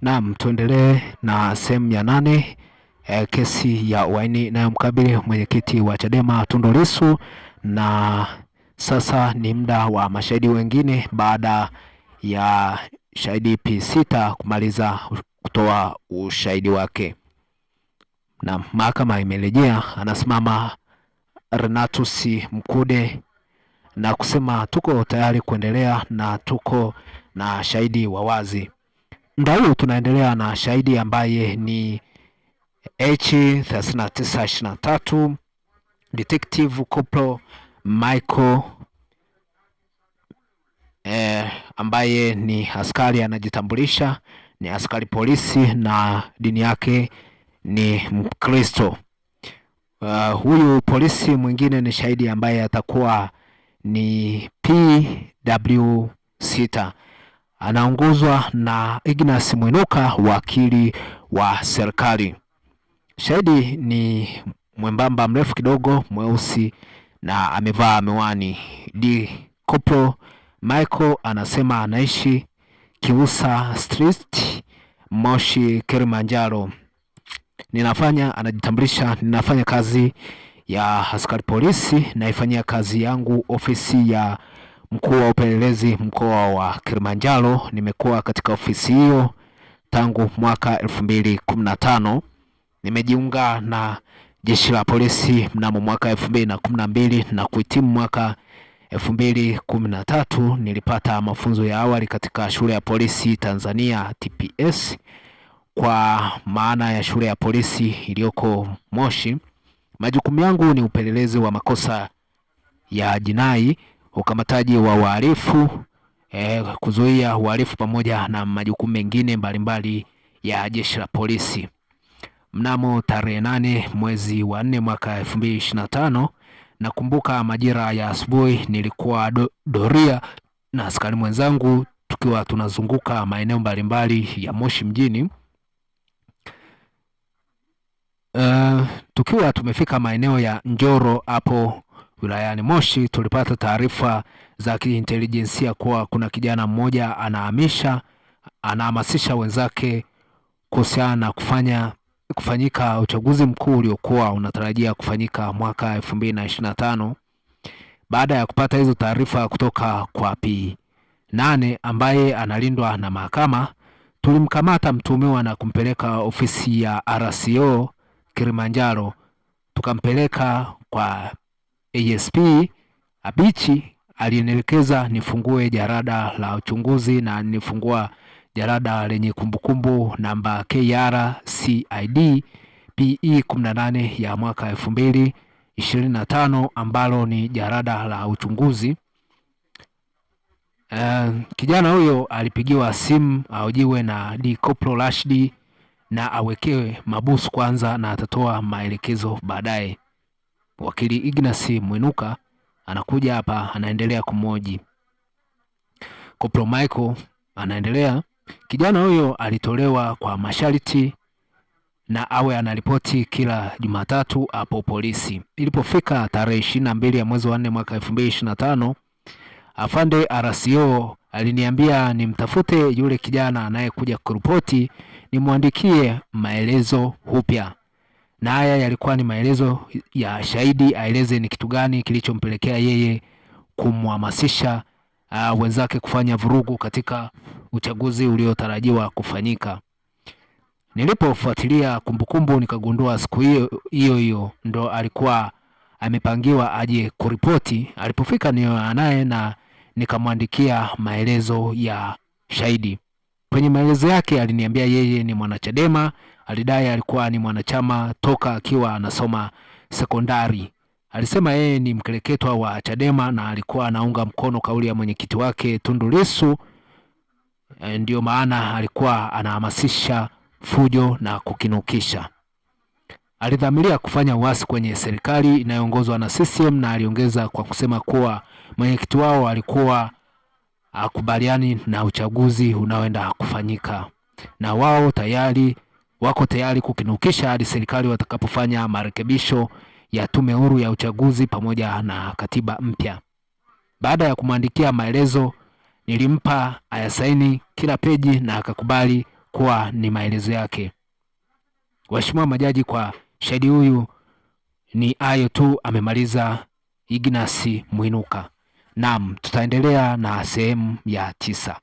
Naam, tuendelee na sehemu ya nane. E, kesi ya uhaini inayomkabili mwenyekiti wa Chadema Tundu Lissu, na sasa ni muda wa mashahidi wengine baada ya shahidi P6 kumaliza kutoa ushahidi wake. Na mahakama imerejea, anasimama Renatus Mkude na kusema tuko tayari kuendelea na tuko na shahidi wa wazi. Muda huu tunaendelea na shahidi ambaye ni H3923 Detective Kopro Michael eh, ambaye ni askari anajitambulisha ni askari polisi na dini yake ni Mkristo. Uh, huyu polisi mwingine ni shahidi ambaye atakuwa ni PW6 anaongozwa na Ignas Mwinuka, wakili wa serikali. Shahidi ni mwembamba mrefu kidogo, mweusi na amevaa miwani. D Koplo Michael anasema anaishi Kiusa Street, Moshi, Kilimanjaro. Ninafanya anajitambulisha, ninafanya kazi ya askari polisi, naifanyia kazi yangu ofisi ya mkuu wa upelelezi mkoa wa Kilimanjaro. Nimekuwa katika ofisi hiyo tangu mwaka elfu mbili kumi na tano. Nimejiunga na jeshi la polisi mnamo mwaka elfu mbili na kumi na mbili na kuhitimu mwaka elfu mbili kumi na tatu. Nilipata mafunzo ya awali katika shule ya polisi Tanzania TPS kwa maana ya shule ya polisi iliyoko Moshi. Majukumu yangu ni upelelezi wa makosa ya jinai ukamataji wa wahalifu eh, kuzuia uhalifu pamoja na majukumu mengine mbalimbali ya jeshi la polisi. Mnamo tarehe nane mwezi wa nne mwaka elfu mbili ishirini na tano nakumbuka majira ya asubuhi nilikuwa do, doria na askari mwenzangu tukiwa tunazunguka maeneo mbalimbali ya Moshi mjini. Uh, tukiwa tumefika maeneo ya Njoro hapo wilayani Moshi tulipata taarifa za kiintelijensia kuwa kuna kijana mmoja anahamisha, anahamasisha wenzake kuhusiana na kufanya kufanyika uchaguzi mkuu uliokuwa unatarajia kufanyika mwaka elfu mbili na ishirini na tano. Baada ya kupata hizo taarifa kutoka kwa P nane ambaye analindwa na mahakama, tulimkamata mtuhumiwa na kumpeleka ofisi ya RCO Kilimanjaro, tukampeleka kwa ASP Abichi alinielekeza nifungue jarada la uchunguzi na nilifungua jarada lenye kumbukumbu namba KRCID PE 18 ya mwaka 2025 ambalo ni jarada la uchunguzi. Uh, kijana huyo alipigiwa simu aojiwe na D Koplo Rashid na awekewe mabusu kwanza na atatoa maelekezo baadaye wakili Ignasi Mwinuka anakuja hapa, anaendelea kumoji Kopro Michael anaendelea, kijana huyo alitolewa kwa masharti na awe anaripoti kila Jumatatu hapo polisi. Ilipofika tarehe ishirini na mbili ya mwezi wa nne mwaka elfu mbili ishirini na tano afande RCO aliniambia nimtafute yule kijana anayekuja kuripoti, nimwandikie maelezo upya na haya yalikuwa ni maelezo ya shahidi aeleze ni kitu gani kilichompelekea yeye kumhamasisha uh, wenzake kufanya vurugu katika uchaguzi uliotarajiwa kufanyika. Nilipofuatilia kumbukumbu, nikagundua siku hiyo hiyo hiyo ndo alikuwa amepangiwa aje kuripoti. Alipofika niyo anaye na nikamwandikia maelezo ya shahidi. Kwenye maelezo yake aliniambia yeye ni mwanachadema, alidai alikuwa ni mwanachama toka akiwa anasoma sekondari. Alisema yeye ni mkereketwa wa Chadema na alikuwa anaunga mkono kauli ya mwenyekiti wake Tundu Lissu, eh, ndiyo maana alikuwa anahamasisha fujo na kukinukisha. Alidhamiria kufanya uasi kwenye serikali inayoongozwa na CCM na aliongeza kwa kusema kuwa mwenyekiti wao alikuwa akubaliani na uchaguzi unaoenda kufanyika, na wao tayari wako tayari kukinukisha hadi serikali watakapofanya marekebisho ya tume huru ya uchaguzi pamoja na katiba mpya. Baada ya kumwandikia maelezo, nilimpa ayasaini kila peji na akakubali kuwa ni maelezo yake. Waheshimiwa majaji, kwa shahidi huyu ni ayo tu, amemaliza ignasi Mwinuka. Naam, tutaendelea na sehemu ya tisa.